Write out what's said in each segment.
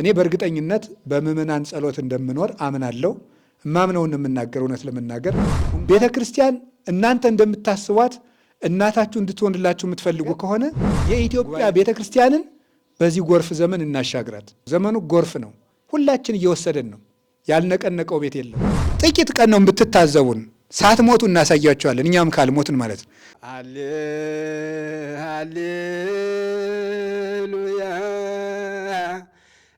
እኔ በእርግጠኝነት በምእመናን ጸሎት እንደምኖር አምናለሁ። እማምነውን የምናገር እውነት ለመናገር ቤተ ክርስቲያን እናንተ እንደምታስቧት እናታችሁ እንድትሆንላችሁ የምትፈልጉ ከሆነ የኢትዮጵያ ቤተ ክርስቲያንን በዚህ ጎርፍ ዘመን እናሻግራት። ዘመኑ ጎርፍ ነው፣ ሁላችን እየወሰደን ነው። ያልነቀነቀው ቤት የለም። ጥቂት ቀን ነው ብትታዘቡን፣ ሳትሞቱ እናሳያቸዋለን። እኛም ካልሞትን ማለት ነው። ሃሌሉያ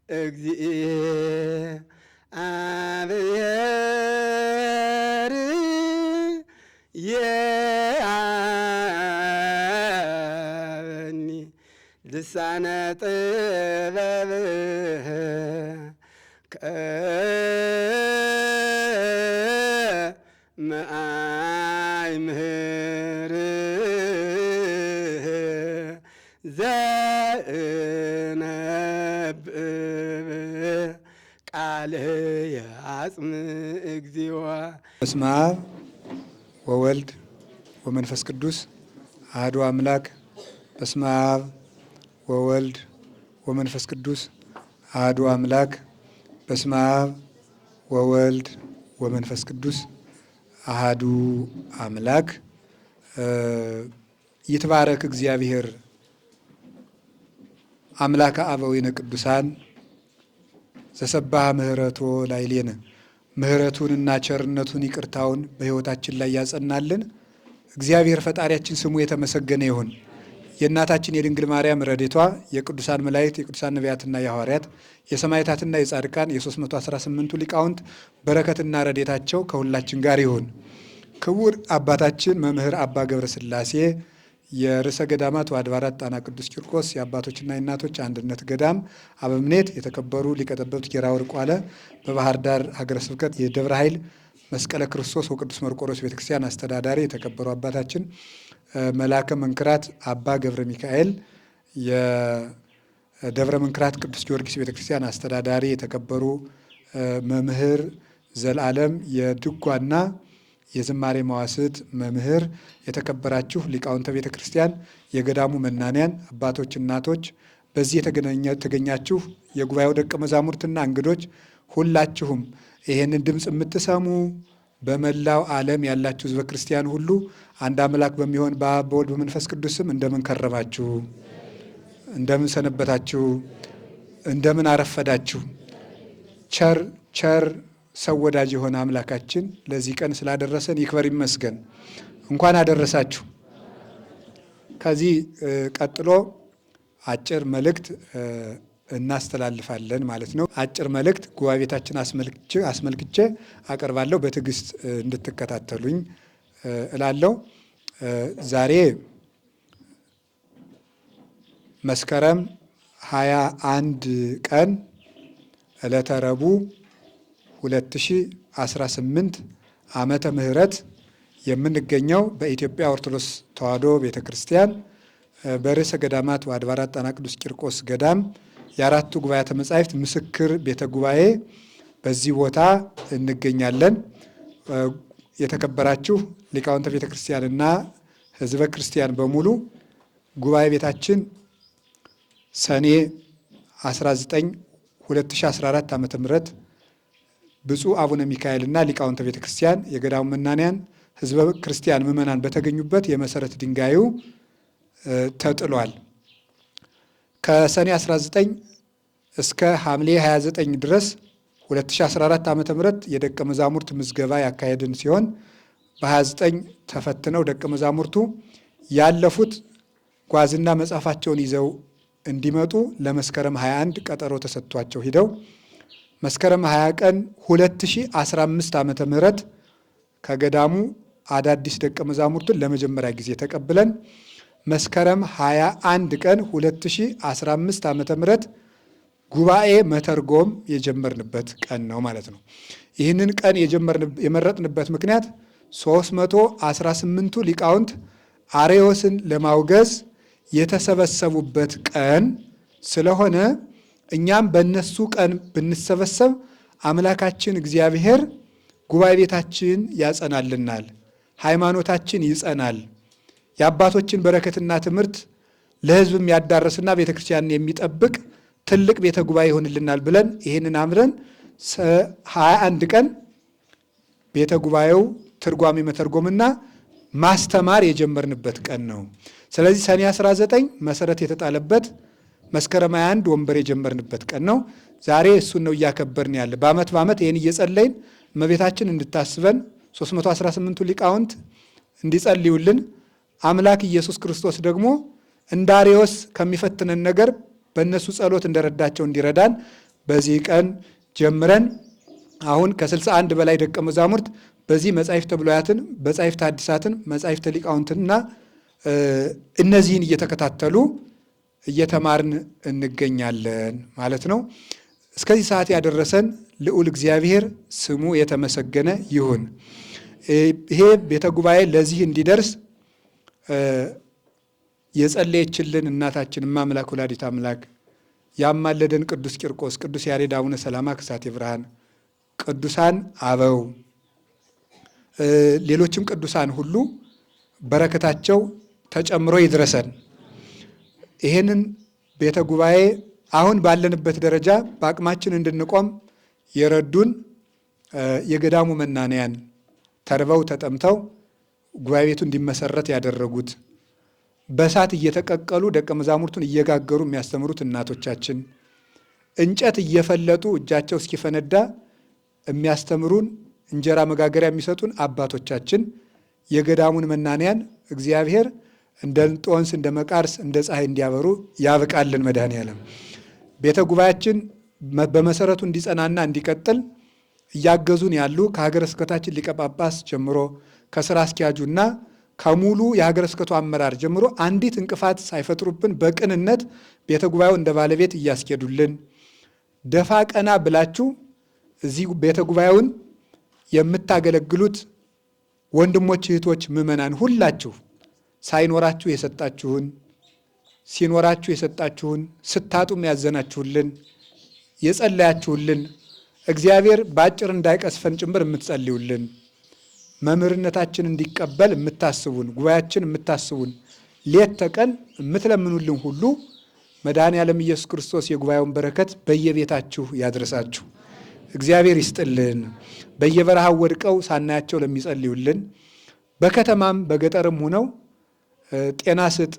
እግዚአብሔር የአብኒ ልሳነ ጥበብ በስመ አብ ወወልድ ወመንፈስ ቅዱስ አህዱ አምላክ በስመ አብ ወወልድ ወመንፈስ ቅዱስ አህዱ አምላክ በስመ አብ ወወልድ ወመንፈስ ቅዱስ አህዱ አምላክ። ይትባረክ እግዚአብሔር አምላከ አበዊነ ቅዱሳን ዘሰባህ ምህረቶ ላይሌነ ምሕረቱንና ቸርነቱን ይቅርታውን በሕይወታችን ላይ ያጸናልን። እግዚአብሔር ፈጣሪያችን ስሙ የተመሰገነ ይሁን። የእናታችን የድንግል ማርያም ረድኤቷ የቅዱሳን መላእክት የቅዱሳን ነቢያትና የሐዋርያት የሰማዕታትና የጻድቃን የ318ቱ ሊቃውንት በረከትና ረድኤታቸው ከሁላችን ጋር ይሁን። ክቡር አባታችን መምህር አባ ገብረ ስላሴ የርዕሰ ገዳማት ወአድባራት ጣና ቅዱስ ቂርቆስ የአባቶችና የእናቶች አንድነት ገዳም አበምኔት የተከበሩ ሊቀ ጠበብት ጌራ ወርቅ ዋለ በባህር ዳር ሀገረ ስብከት የደብረ ኃይል መስቀለ ክርስቶስ ወቅዱስ መርቆሮስ ቤተክርስቲያን አስተዳዳሪ የተከበሩ አባታችን መላከ መንክራት አባ ገብረ ሚካኤል የደብረ መንክራት ቅዱስ ጊዮርጊስ ቤተክርስቲያን አስተዳዳሪ የተከበሩ መምህር ዘላለም የድጓና የዝማሬ መዋስት መምህር፣ የተከበራችሁ ሊቃውንተ ቤተ ክርስቲያን፣ የገዳሙ መናንያን አባቶች፣ እናቶች፣ በዚህ የተገኛችሁ የጉባኤው ደቀ መዛሙርትና እንግዶች ሁላችሁም ይህንን ድምፅ የምትሰሙ በመላው ዓለም ያላችሁ ሕዝበ ክርስቲያን ሁሉ አንድ አምላክ በሚሆን በአብ በወልድ በመንፈስ ቅዱስም እንደምን ከረማችሁ? እንደምን ሰነበታችሁ? እንደምን አረፈዳችሁ? ቸር ቸር ሰው ወዳጅ የሆነ አምላካችን ለዚህ ቀን ስላደረሰን ይክበር ይመስገን። እንኳን አደረሳችሁ። ከዚህ ቀጥሎ አጭር መልእክት እናስተላልፋለን ማለት ነው። አጭር መልእክት ጉባኤ ቤታችን አስመልክቼ አቀርባለሁ። በትዕግስት እንድትከታተሉኝ እላለሁ። ዛሬ መስከረም ሀያ አንድ ቀን ዕለተ ረቡዕ 2018 ዓመተ ምህረት የምንገኘው በኢትዮጵያ ኦርቶዶክስ ተዋሕዶ ቤተ ክርስቲያን በርዕሰ ገዳማት ወአድባራት ጣና ቅዱስ ቂርቆስ ገዳም የአራቱ ጉባኤያተ መጻሕፍት ምስክር ቤተ ጉባኤ በዚህ ቦታ እንገኛለን። የተከበራችሁ ሊቃውንተ ቤተ ክርስቲያንና ሕዝበ ክርስቲያን በሙሉ ጉባኤ ቤታችን ሰኔ 19 2014 ዓ.ም ብፁዕ አቡነ ሚካኤልና ሊቃውንተ ቤተ ክርስቲያን፣ የገዳሙ መናንያን፣ ህዝበ ክርስቲያን ምዕመናን በተገኙበት የመሰረት ድንጋዩ ተጥሏል። ከሰኔ 19 እስከ ሐምሌ 29 ድረስ 2014 ዓ ም የደቀ መዛሙርት ምዝገባ ያካሄድን ሲሆን በ29 ተፈትነው ደቀ መዛሙርቱ ያለፉት ጓዝና መጽሐፋቸውን ይዘው እንዲመጡ ለመስከረም 21 ቀጠሮ ተሰጥቷቸው ሂደው መስከረም 20 ቀን 2015 ዓመተ ምህረት ከገዳሙ አዳዲስ ደቀ መዛሙርቱን ለመጀመሪያ ጊዜ ተቀብለን መስከረም 21 ቀን 2015 ዓ.ም ምህረት ጉባኤ መተርጎም የጀመርንበት ቀን ነው ማለት ነው። ይህንን ቀን የመረጥንበት ምክንያት 318ቱ ሊቃውንት አሬዎስን ለማውገዝ የተሰበሰቡበት ቀን ስለሆነ እኛም በእነሱ ቀን ብንሰበሰብ አምላካችን እግዚአብሔር ጉባኤ ቤታችን ያጸናልናል፣ ሃይማኖታችን ይጸናል። የአባቶችን በረከትና ትምህርት ለሕዝብ ያዳረስና ቤተ ክርስቲያንን የሚጠብቅ ትልቅ ቤተ ጉባኤ ይሆንልናል ብለን ይህንን አምረን ሀያ አንድ ቀን ቤተ ጉባኤው ትርጓሜ መተርጎምና ማስተማር የጀመርንበት ቀን ነው። ስለዚህ ሰኔ 19 መሰረት የተጣለበት መስከረም 21 ወንበር የጀመርንበት ቀን ነው። ዛሬ እሱን ነው እያከበርን ያለ። በዓመት በዓመት ይህን እየጸለይን እመቤታችን እንድታስበን 318ቱ ሊቃውንት እንዲጸልዩልን አምላክ ኢየሱስ ክርስቶስ ደግሞ እንዳሪዎስ ከሚፈትነን ነገር በእነሱ ጸሎት እንደረዳቸው እንዲረዳን በዚህ ቀን ጀምረን አሁን ከ61 በላይ ደቀ መዛሙርት በዚህ መጻሕፍተ ብሉያትን፣ መጻሕፍተ ሐዲሳትን፣ መጻሕፍተ ሊቃውንትና እነዚህን እየተከታተሉ እየተማርን እንገኛለን ማለት ነው። እስከዚህ ሰዓት ያደረሰን ልዑል እግዚአብሔር ስሙ የተመሰገነ ይሁን። ይሄ ቤተ ጉባኤ ለዚህ እንዲደርስ የጸለየችልን እናታችን እማምላክ ወላዲት አምላክ ያማለደን ቅዱስ ቂርቆስ፣ ቅዱስ ያሬድ፣ አቡነ ሰላማ ክሳቴ ብርሃን፣ ቅዱሳን አበው፣ ሌሎችም ቅዱሳን ሁሉ በረከታቸው ተጨምሮ ይድረሰን። ይህንን ቤተ ጉባኤ አሁን ባለንበት ደረጃ በአቅማችን እንድንቆም የረዱን የገዳሙ መናንያን ተርበው ተጠምተው ጉባኤ ቤቱ እንዲመሰረት ያደረጉት በእሳት እየተቀቀሉ ደቀ መዛሙርቱን እየጋገሩ የሚያስተምሩት እናቶቻችን እንጨት እየፈለጡ እጃቸው እስኪፈነዳ የሚያስተምሩን እንጀራ መጋገሪያ የሚሰጡን አባቶቻችን የገዳሙን መናንያን እግዚአብሔር እንደ ጦንስ እንደ መቃርስ እንደ ፀሐይ እንዲያበሩ ያብቃልን። መድኃኔ ዓለም ቤተ ጉባኤያችን በመሰረቱ እንዲጸናና እንዲቀጥል እያገዙን ያሉ ከሀገረ ስብከታችን ሊቀ ጳጳስ ጀምሮ ከስራ አስኪያጁና ከሙሉ የሀገረ ስብከቱ አመራር ጀምሮ አንዲት እንቅፋት ሳይፈጥሩብን በቅንነት ቤተ ጉባኤው እንደ ባለቤት እያስኬዱልን ደፋ ቀና ብላችሁ እዚህ ቤተ ጉባኤውን የምታገለግሉት ወንድሞች፣ እህቶች፣ ምዕመናን ሁላችሁ ሳይኖራችሁ የሰጣችሁን፣ ሲኖራችሁ የሰጣችሁን፣ ስታጡም ያዘናችሁልን፣ የጸለያችሁልን እግዚአብሔር በአጭር እንዳይቀስፈን ጭምር የምትጸልዩልን መምህርነታችን እንዲቀበል የምታስቡን ጉባኤያችን የምታስቡን ሌት ተቀን የምትለምኑልን ሁሉ መድኃኔዓለም ኢየሱስ ክርስቶስ የጉባኤውን በረከት በየቤታችሁ ያድርሳችሁ። እግዚአብሔር ይስጥልን። በየበረሃው ወድቀው ሳናያቸው ለሚጸልዩልን በከተማም በገጠርም ሆነው ጤና ስጥ፣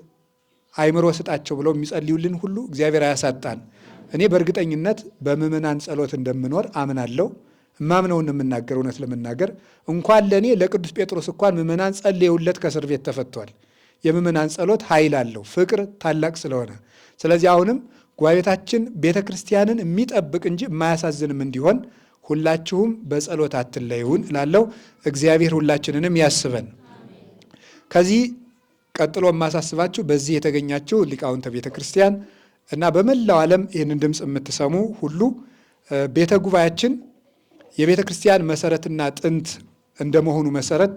አይምሮ ስጣቸው ብለው የሚጸልዩልን ሁሉ እግዚአብሔር አያሳጣን። እኔ በእርግጠኝነት በምእመናን ጸሎት እንደምኖር አምናለሁ። እማምነውን የምናገር እውነት ለመናገር እንኳን ለእኔ ለቅዱስ ጴጥሮስ እንኳን ምዕመናን ጸልየውለት ከእስር ቤት ተፈቷል። የምእመናን ጸሎት ኃይል አለው፣ ፍቅር ታላቅ ስለሆነ። ስለዚህ አሁንም ጓቤታችን ቤተ ክርስቲያንን የሚጠብቅ እንጂ የማያሳዝንም እንዲሆን ሁላችሁም በጸሎት አትለዩን እላለሁ። እግዚአብሔር ሁላችንንም ያስበን ከዚህ ቀጥሎ የማሳስባችሁ በዚህ የተገኛችሁ ሊቃውንተ ቤተ ክርስቲያን እና በመላው ዓለም ይህንን ድምፅ የምትሰሙ ሁሉ ቤተ ጉባኤያችን የቤተ ክርስቲያን መሰረትና ጥንት እንደመሆኑ መሰረት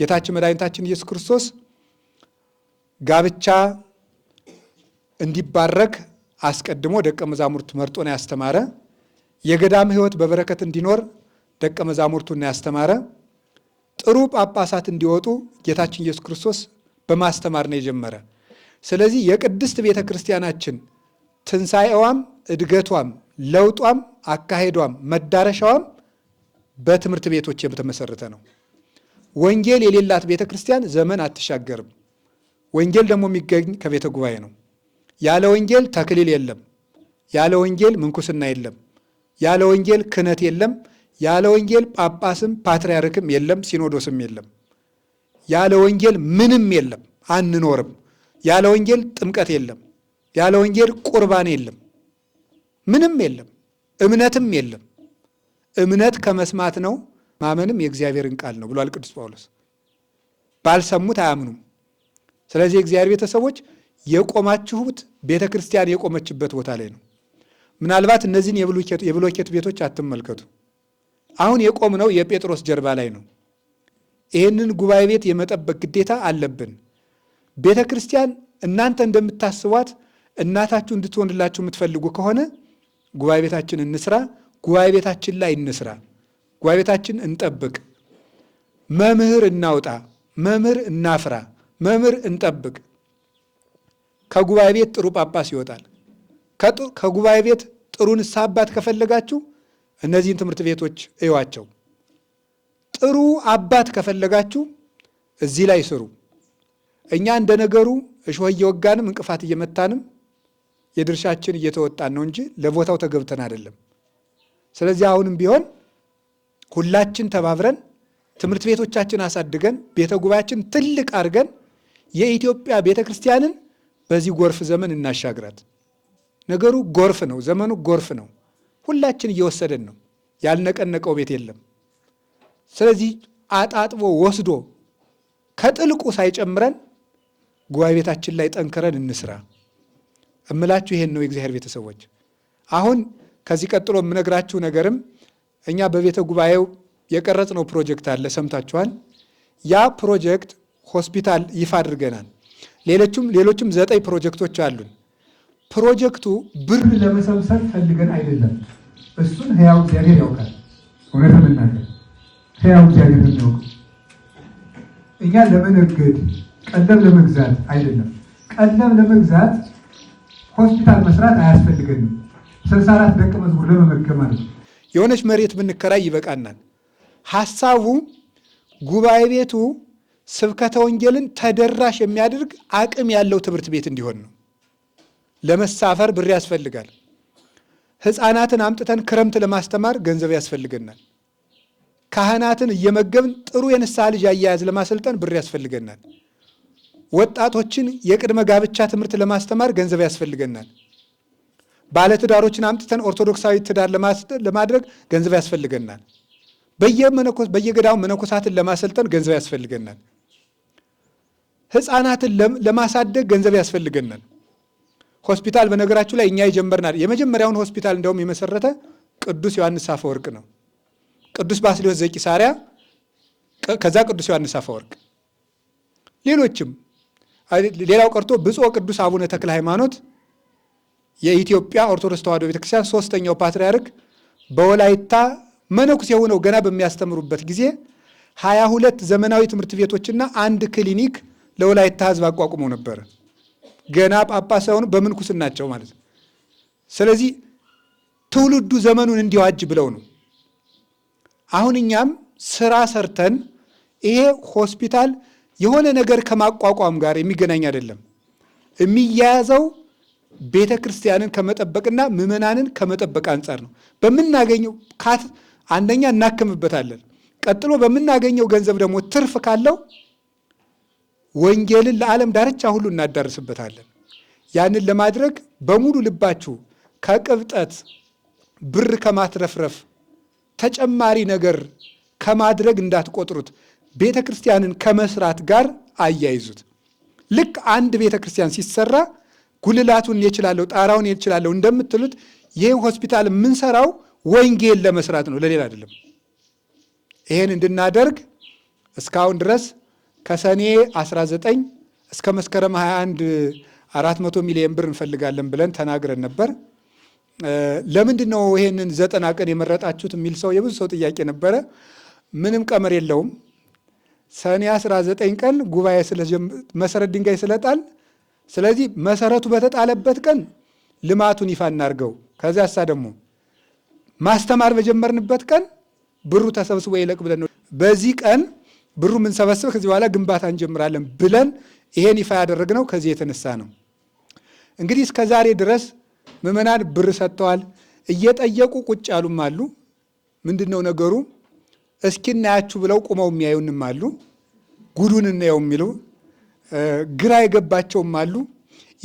ጌታችን መድኃኒታችን ኢየሱስ ክርስቶስ ጋብቻ እንዲባረክ አስቀድሞ ደቀ መዛሙርት መርጦን ያስተማረ፣ የገዳም ሕይወት በበረከት እንዲኖር ደቀ መዛሙርቱን ያስተማረ፣ ጥሩ ጳጳሳት እንዲወጡ ጌታችን ኢየሱስ ክርስቶስ በማስተማር ነው የጀመረ። ስለዚህ የቅድስት ቤተ ክርስቲያናችን ትንሣኤዋም፣ እድገቷም፣ ለውጧም፣ አካሄዷም መዳረሻዋም በትምህርት ቤቶች የተመሰረተ ነው። ወንጌል የሌላት ቤተ ክርስቲያን ዘመን አትሻገርም። ወንጌል ደግሞ የሚገኝ ከቤተ ጉባኤ ነው። ያለ ወንጌል ተክሊል የለም። ያለ ወንጌል ምንኩስና የለም። ያለ ወንጌል ክህነት የለም። ያለ ወንጌል ጳጳስም ፓትርያርክም የለም፣ ሲኖዶስም የለም። ያለ ወንጌል ምንም የለም፣ አንኖርም። ያለ ወንጌል ጥምቀት የለም፣ ያለ ወንጌል ቁርባን የለም፣ ምንም የለም፣ እምነትም የለም። እምነት ከመስማት ነው፣ ማመንም የእግዚአብሔርን ቃል ነው ብሏል ቅዱስ ጳውሎስ። ባልሰሙት አያምኑም። ስለዚህ የእግዚአብሔር ቤተሰቦች የቆማችሁት ቤተ ክርስቲያን የቆመችበት ቦታ ላይ ነው። ምናልባት እነዚህን የብሎኬት ቤቶች አትመልከቱ። አሁን የቆምነው የጴጥሮስ ጀርባ ላይ ነው። ይህንን ጉባኤ ቤት የመጠበቅ ግዴታ አለብን። ቤተ ክርስቲያን እናንተ እንደምታስቧት እናታችሁ እንድትሆንላችሁ የምትፈልጉ ከሆነ ጉባኤ ቤታችን እንስራ፣ ጉባኤ ቤታችን ላይ እንስራ፣ ጉባኤ ቤታችን እንጠብቅ፣ መምህር እናውጣ፣ መምህር እናፍራ፣ መምህር እንጠብቅ። ከጉባኤ ቤት ጥሩ ጳጳስ ይወጣል። ከጉባኤ ቤት ጥሩ ንስሐ አባት ከፈለጋችሁ እነዚህን ትምህርት ቤቶች እዩዋቸው። ጥሩ አባት ከፈለጋችሁ እዚህ ላይ ስሩ። እኛ እንደ ነገሩ እሾህ እየወጋንም እንቅፋት እየመታንም የድርሻችን እየተወጣን ነው እንጂ ለቦታው ተገብተን አይደለም። ስለዚህ አሁንም ቢሆን ሁላችን ተባብረን ትምህርት ቤቶቻችን አሳድገን ቤተ ጉባኤያችን ትልቅ አድርገን የኢትዮጵያ ቤተ ክርስቲያንን በዚህ ጎርፍ ዘመን እናሻግራት። ነገሩ ጎርፍ ነው፣ ዘመኑ ጎርፍ ነው። ሁላችን እየወሰደን ነው። ያልነቀነቀው ቤት የለም። ስለዚህ አጣጥቦ ወስዶ ከጥልቁ ሳይጨምረን ጉባኤ ቤታችን ላይ ጠንክረን እንስራ እምላችሁ ይሄን ነው የእግዚአብሔር ቤተሰቦች። አሁን ከዚህ ቀጥሎ የምነግራችሁ ነገርም እኛ በቤተ ጉባኤው የቀረጽነው ፕሮጀክት አለ፣ ሰምታችኋል። ያ ፕሮጀክት ሆስፒታል ይፋ አድርገናል። ሌሎችም ሌሎችም ዘጠኝ ፕሮጀክቶች አሉን። ፕሮጀክቱ ብር ለመሰብሰብ ፈልገን አይደለም። እሱን ሕያው እግዚአብሔር ያውቃል እውነት ሕያው እግዚአብሔር ነው። እኛ ለመነገድ ቀለብ ለመግዛት አይደለም። ቀለብ ለመግዛት ሆስፒታል መስራት አያስፈልገንም። ስልሳ አራት ደቀ መዝሙር ለመመገብ ማለት ነው። የሆነች መሬት ብንከራይ ይበቃናል። ሀሳቡ ጉባኤ ቤቱ ስብከተ ወንጌልን ተደራሽ የሚያደርግ አቅም ያለው ትምህርት ቤት እንዲሆን ነው። ለመሳፈር ብር ያስፈልጋል። ሕፃናትን አምጥተን ክረምት ለማስተማር ገንዘብ ያስፈልገናል። ካህናትን እየመገብን ጥሩ የንስሐ ልጅ አያያዝ ለማሰልጠን ብር ያስፈልገናል። ወጣቶችን የቅድመ ጋብቻ ትምህርት ለማስተማር ገንዘብ ያስፈልገናል። ባለትዳሮችን አምጥተን ኦርቶዶክሳዊ ትዳር ለማድረግ ገንዘብ ያስፈልገናል። በየገዳው መነኮሳትን ለማሰልጠን ገንዘብ ያስፈልገናል። ሕፃናትን ለማሳደግ ገንዘብ ያስፈልገናል። ሆስፒታል፣ በነገራችሁ ላይ እኛ የጀመርናል። የመጀመሪያውን ሆስፒታል እንደውም የመሰረተ ቅዱስ ዮሐንስ አፈወርቅ ነው። ቅዱስ ባስልዮስ ዘቂሳርያ፣ ከዛ ቅዱስ ዮሐንስ አፈወርቅ፣ ሌሎችም ሌላው ቀርቶ ብፁዕ ቅዱስ አቡነ ተክለ ሃይማኖት የኢትዮጵያ ኦርቶዶክስ ተዋሕዶ ቤተክርስቲያን ሶስተኛው ፓትርያርክ በወላይታ መነኩሴ ሆነው ገና በሚያስተምሩበት ጊዜ ሀያ ሁለት ዘመናዊ ትምህርት ቤቶችና አንድ ክሊኒክ ለወላይታ ሕዝብ አቋቁመው ነበር። ገና ጳጳስ ሳይሆኑ በምንኩስናቸው ማለት ነው። ስለዚህ ትውልዱ ዘመኑን እንዲዋጅ ብለው ነው። አሁን እኛም ስራ ሰርተን ይሄ ሆስፒታል የሆነ ነገር ከማቋቋም ጋር የሚገናኝ አይደለም። የሚያያዘው ቤተ ክርስቲያንን ከመጠበቅና ምዕመናንን ከመጠበቅ አንጻር ነው። በምናገኘው ካት አንደኛ እናክምበታለን። ቀጥሎ በምናገኘው ገንዘብ ደግሞ ትርፍ ካለው ወንጌልን ለዓለም ዳርቻ ሁሉ እናዳርስበታለን። ያንን ለማድረግ በሙሉ ልባችሁ ከቅብጠት ብር ከማትረፍረፍ ተጨማሪ ነገር ከማድረግ እንዳትቆጥሩት። ቤተ ክርስቲያንን ከመስራት ጋር አያይዙት። ልክ አንድ ቤተ ክርስቲያን ሲሰራ ጉልላቱን የችላለሁ ጣራውን የችላለሁ እንደምትሉት ይህ ሆስፒታል የምንሰራው ወንጌል ለመስራት ነው፣ ለሌላ አይደለም። ይህን እንድናደርግ እስካሁን ድረስ ከሰኔ 19 እስከ መስከረም 21 400 ሚሊዮን ብር እንፈልጋለን ብለን ተናግረን ነበር። ለምንድን ነው ይሄንን ዘጠና ቀን የመረጣችሁት የሚል ሰው የብዙ ሰው ጥያቄ ነበረ። ምንም ቀመር የለውም። ሰኔ 19 ቀን ጉባኤ መሰረት ድንጋይ ስለጣል፣ ስለዚህ መሰረቱ በተጣለበት ቀን ልማቱን ይፋ እናርገው። ከዚያ ሳ ደግሞ ማስተማር በጀመርንበት ቀን ብሩ ተሰብስቦ ይለቅ ብለን ነው በዚህ ቀን ብሩ የምንሰበስብ ከዚህ በኋላ ግንባታ እንጀምራለን ብለን ይሄን ይፋ ያደረግነው ከዚህ የተነሳ ነው። እንግዲህ እስከ ዛሬ ድረስ ምዕመናን ብር ሰጥተዋል። እየጠየቁ ቁጭ ያሉም አሉ። ምንድን ነው ነገሩ? እስኪ እናያችሁ ብለው ቁመው የሚያዩንም አሉ። ጉዱን እናየው የሚሉ ግራ የገባቸውም አሉ።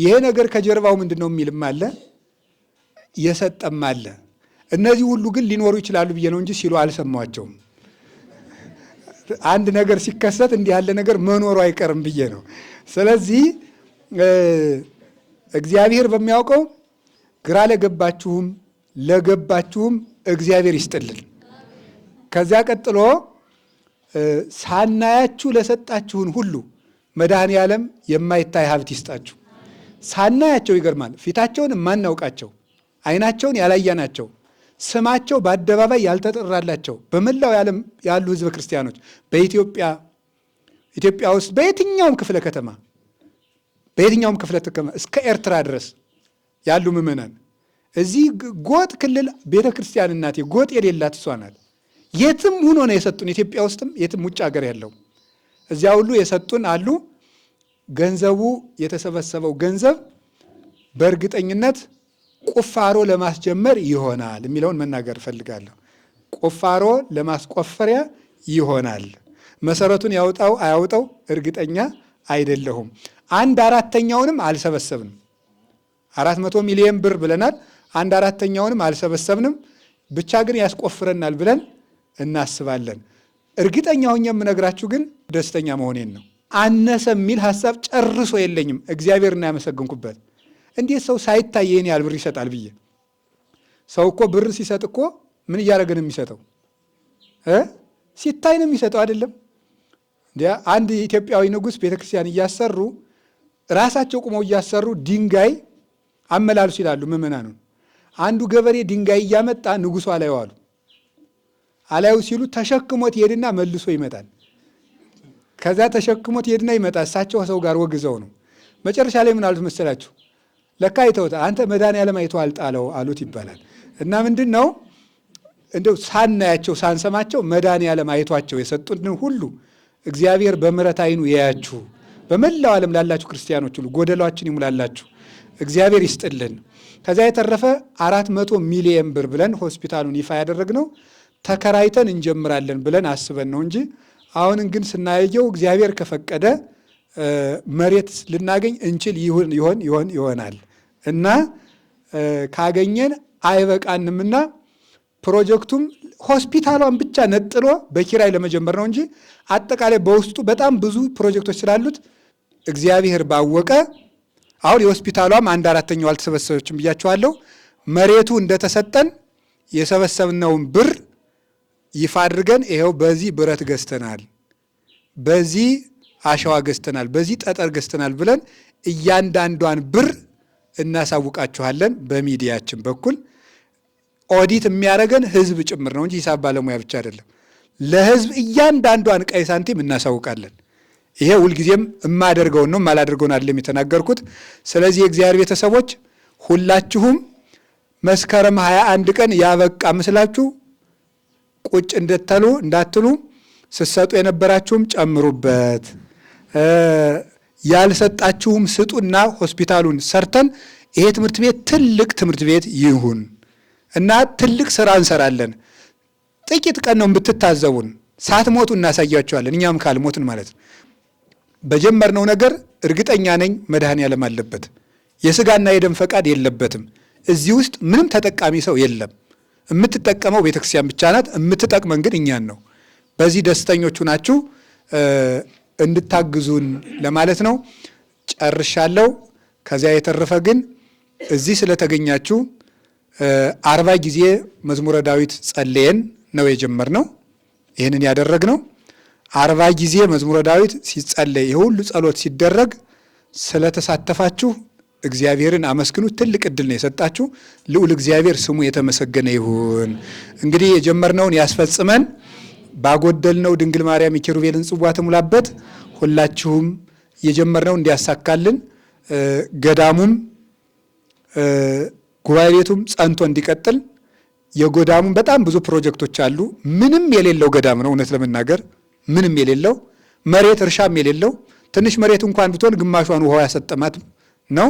ይሄ ነገር ከጀርባው ምንድን ነው የሚልም አለ፣ የሰጠም አለ። እነዚህ ሁሉ ግን ሊኖሩ ይችላሉ ብዬ ነው እንጂ ሲሉ አልሰማቸውም። አንድ ነገር ሲከሰት እንዲህ ያለ ነገር መኖሩ አይቀርም ብዬ ነው። ስለዚህ እግዚአብሔር በሚያውቀው ግራ ለገባችሁም ለገባችሁም እግዚአብሔር ይስጥልን። ከዚያ ቀጥሎ ሳናያችሁ ለሰጣችሁን ሁሉ መድኃኔ ዓለም የማይታይ ሀብት ይስጣችሁ። ሳናያቸው ይገርማል። ፊታቸውን የማናውቃቸው፣ አይናቸውን ያላያናቸው፣ ስማቸው በአደባባይ ያልተጠራላቸው በመላው ዓለም ያሉ ሕዝበ ክርስቲያኖች በኢትዮጵያ ኢትዮጵያ ውስጥ በየትኛውም ክፍለ ከተማ በየትኛውም ክፍለ ከተማ እስከ ኤርትራ ድረስ ያሉ ምእመናን እዚህ ጎጥ ክልል ቤተ ክርስቲያን እናቴ ጎጥ የሌላት እሷ ናት። የትም ሁኖ ነው የሰጡን፣ ኢትዮጵያ ውስጥም የትም ውጭ ሀገር ያለው እዚያ ሁሉ የሰጡን አሉ። ገንዘቡ የተሰበሰበው ገንዘብ በእርግጠኝነት ቁፋሮ ለማስጀመር ይሆናል የሚለውን መናገር እፈልጋለሁ። ቁፋሮ ለማስቆፈሪያ ይሆናል። መሰረቱን ያውጣው አያውጣው እርግጠኛ አይደለሁም። አንድ አራተኛውንም አልሰበሰብንም። አራት መቶ ሚሊየን ብር ብለናል። አንድ አራተኛውንም አልሰበሰብንም፣ ብቻ ግን ያስቆፍረናል ብለን እናስባለን። እርግጠኛ ሆኜ የምነግራችሁ ግን ደስተኛ መሆኔን ነው። አነሰ የሚል ሀሳብ ጨርሶ የለኝም። እግዚአብሔር እናያመሰግንኩበት። እንዴት ሰው ሳይታይ ይህን ያህል ብር ይሰጣል ብዬ ሰው እኮ ብር ሲሰጥ እኮ ምን እያደረገ ነው የሚሰጠው? ሲታይ ነው የሚሰጠው አይደለም። አንድ ኢትዮጵያዊ ንጉሥ ቤተክርስቲያን እያሰሩ ራሳቸው ቁመው እያሰሩ ድንጋይ አመላልሱ ይላሉ ምእመናኑን። አንዱ ገበሬ ድንጋይ እያመጣ ንጉሱ አላዩ አሉ። አላዩ ሲሉ ተሸክሞት ይሄድና መልሶ ይመጣል። ከዛ ተሸክሞት ይሄድና ይመጣል። እሳቸው ሰው ጋር ወግዘው ነው። መጨረሻ ላይ ምን አሉት መሰላችሁ? ለካ አይተውት አንተ መድኃኒዓለም አይቶ አልጣለው አሉት ይባላል። እና ምንድን ነው እንደው ሳናያቸው ሳንሰማቸው መድኃኒዓለም አይቷቸው የሰጡትን ሁሉ እግዚአብሔር በምሕረት ዓይኑ ያያችሁ በመላው ዓለም ላላችሁ ክርስቲያኖች ሁሉ ጎደሏችን ይሙላላችሁ። እግዚአብሔር ይስጥልን። ከዚያ የተረፈ አራት መቶ ሚሊየን ብር ብለን ሆስፒታሉን ይፋ ያደረግነው ተከራይተን እንጀምራለን ብለን አስበን ነው እንጂ አሁን ግን ስናየየው እግዚአብሔር ከፈቀደ መሬት ልናገኝ እንችል ይሆን ይሆን ይሆናል እና ካገኘን አይበቃንምና ፕሮጀክቱም ሆስፒታሏን ብቻ ነጥሎ በኪራይ ለመጀመር ነው እንጂ አጠቃላይ በውስጡ በጣም ብዙ ፕሮጀክቶች ስላሉት እግዚአብሔር ባወቀ አሁን የሆስፒታሏም አንድ አራተኛው አልተሰበሰበችም ብያቸኋለሁ መሬቱ እንደተሰጠን የሰበሰብነውን ብር ይፋ አድርገን ይኸው በዚህ ብረት ገዝተናል፣ በዚህ አሸዋ ገዝተናል፣ በዚህ ጠጠር ገዝተናል ብለን እያንዳንዷን ብር እናሳውቃችኋለን። በሚዲያችን በኩል ኦዲት የሚያደርገን ህዝብ ጭምር ነው እንጂ ሂሳብ ባለሙያ ብቻ አይደለም። ለህዝብ እያንዳንዷን ቀይ ሳንቲም እናሳውቃለን። ይሄ ሁልጊዜም የማደርገውን ነው የማላደርገውን አይደለም የተናገርኩት። ስለዚህ የእግዚአብሔር ቤተሰቦች ሁላችሁም መስከረም 21 አንድ ቀን ያበቃ ምስላችሁ ቁጭ እንድትሉ እንዳትሉ ስትሰጡ የነበራችሁም ጨምሩበት፣ ያልሰጣችሁም ስጡና ሆስፒታሉን ሰርተን ይሄ ትምህርት ቤት ትልቅ ትምህርት ቤት ይሁን እና ትልቅ ስራ እንሰራለን። ጥቂት ቀን ነው ብትታዘቡን፣ ሳትሞቱ እናሳያቸዋለን። እኛም ካልሞትን ማለት ነው። በጀመርነው ነገር እርግጠኛ ነኝ ያለም አለበት። የስጋና የደም ፈቃድ የለበትም። እዚህ ውስጥ ምንም ተጠቃሚ ሰው የለም። የምትጠቀመው ቤተክርስቲያን ብቻ ናት። የምትጠቅመን ግን እኛን ነው። በዚህ ደስተኞቹ ናችሁ እንድታግዙን ለማለት ነው። ጨርሻለሁ። ከዚያ የተረፈ ግን እዚህ ስለተገኛችሁ አርባ ጊዜ መዝሙረ ዳዊት ጸልየን ነው የጀመርነው። ይህንን ያደረግነው አርባ ጊዜ መዝሙረ ዳዊት ሲጸለይ የሁሉ ጸሎት ሲደረግ ስለተሳተፋችሁ እግዚአብሔርን አመስግኑ። ትልቅ እድል ነው የሰጣችሁ። ልዑል እግዚአብሔር ስሙ የተመሰገነ ይሁን። እንግዲህ የጀመርነውን ያስፈጽመን፣ ባጎደልነው ድንግል ማርያም የኪሩቤልን ጽዋ ትሙላበት። ሁላችሁም የጀመርነው እንዲያሳካልን፣ ገዳሙም ጉባኤ ቤቱም ጸንቶ እንዲቀጥል። የገዳሙም በጣም ብዙ ፕሮጀክቶች አሉ። ምንም የሌለው ገዳም ነው እውነት ለመናገር ምንም የሌለው መሬት እርሻም የሌለው ትንሽ መሬት እንኳን ብትሆን ግማሿን ውሃ ያሰጠማት ነው።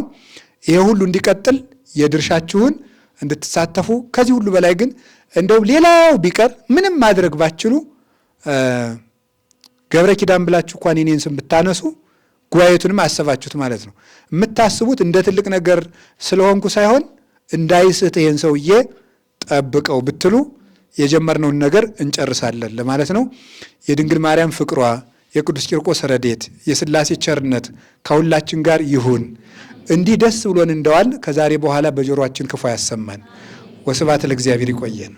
ይሄ ሁሉ እንዲቀጥል የድርሻችሁን እንድትሳተፉ ከዚህ ሁሉ በላይ ግን እንደውም ሌላው ቢቀር ምንም ማድረግ ባችሉ ገብረ ኪዳን ብላችሁ እንኳን የኔን ስም ብታነሱ ጉባኤቱንም አሰባችሁት ማለት ነው። የምታስቡት እንደ ትልቅ ነገር ስለሆንኩ ሳይሆን እንዳይስት ይሄን ሰውዬ ጠብቀው ብትሉ የጀመርነውን ነገር እንጨርሳለን ለማለት ነው። የድንግል ማርያም ፍቅሯ፣ የቅዱስ ቂርቆስ ረዴት፣ የስላሴ ቸርነት ከሁላችን ጋር ይሁን። እንዲህ ደስ ብሎን እንደዋል ከዛሬ በኋላ በጆሮአችን ክፉ ያሰማን። ወስብሐት ለእግዚአብሔር። ይቆየን።